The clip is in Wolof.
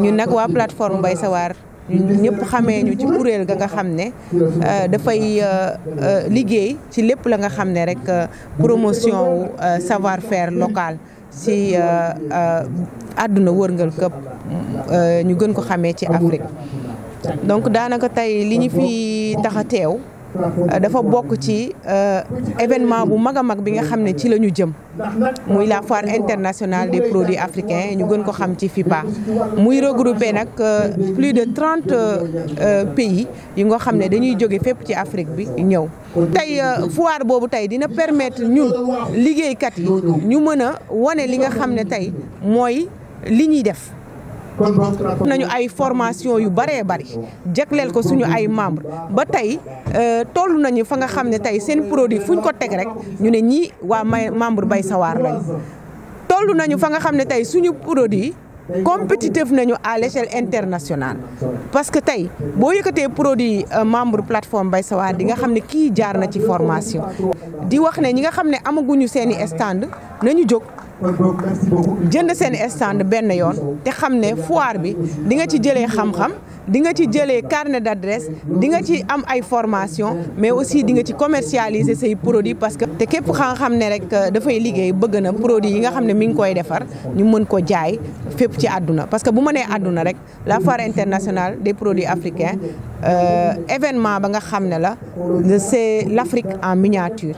ñun nag waa plateforme Bay Sa War xamee ñu ci kuréel ga nga xam ne euh, dafay euh, euh, liggéey ci lépp la nga xam ne rek promotion wu savoir faire local ci àdduna wërngal këpp ñu gën ko xamee ci Afrique donc daanaka tey li ñu fi tax teew dafa bokk ci euh, événement bu mag a mag bi nga xam ne ci la ñu jëm muy la foire internationale des produits africains ñu gën ko xam ci FIPA muy regroupé nag euh, plus de trente euh, pays yi nga xam ne dañuy jóge fépp ci Afrique bi ñëw tey foire boobu tey dina permettre ñu liggéeykat yi ñu mën a wane li nga xam ne tey mooy li ñuy def nañu ay formation yu bëree bëri jagleel ko suñu ay membre ba tey euh, toll nañu fa nga xam ne tey seen produit fu ñu ko teg rek ñu ne ñii waa may membre bay sawaar lañ toll nañu fa nga xam ne tey suñu produit compétitif nañu à l'échelle internationale parce que tey boo yëkkatee produit euh, membre plateforme bay sawaar di nga xam ne kii jaar na ci formation di wax ne ñi nga xam ne amaguñu seeni stand nañu jóg jënd seen stand benn yoon te xam ne foire bi di nga ci jëlee xam-xam di nga ci jëlee carnet d'adresse di nga ci am ay formation mais aussi di nga ci commercialiser say produit parce que te képp xam xam ne rek euh, dafay liggéey bëgg na produit yi nga xam ne mi ngi koy defar ñu mën ko jaay fépp ci àdduna parce que bu ma nee àdduna rek la foire internationale des produits africains euh, événement ba nga xam ne la c'est l'Afrique en miniature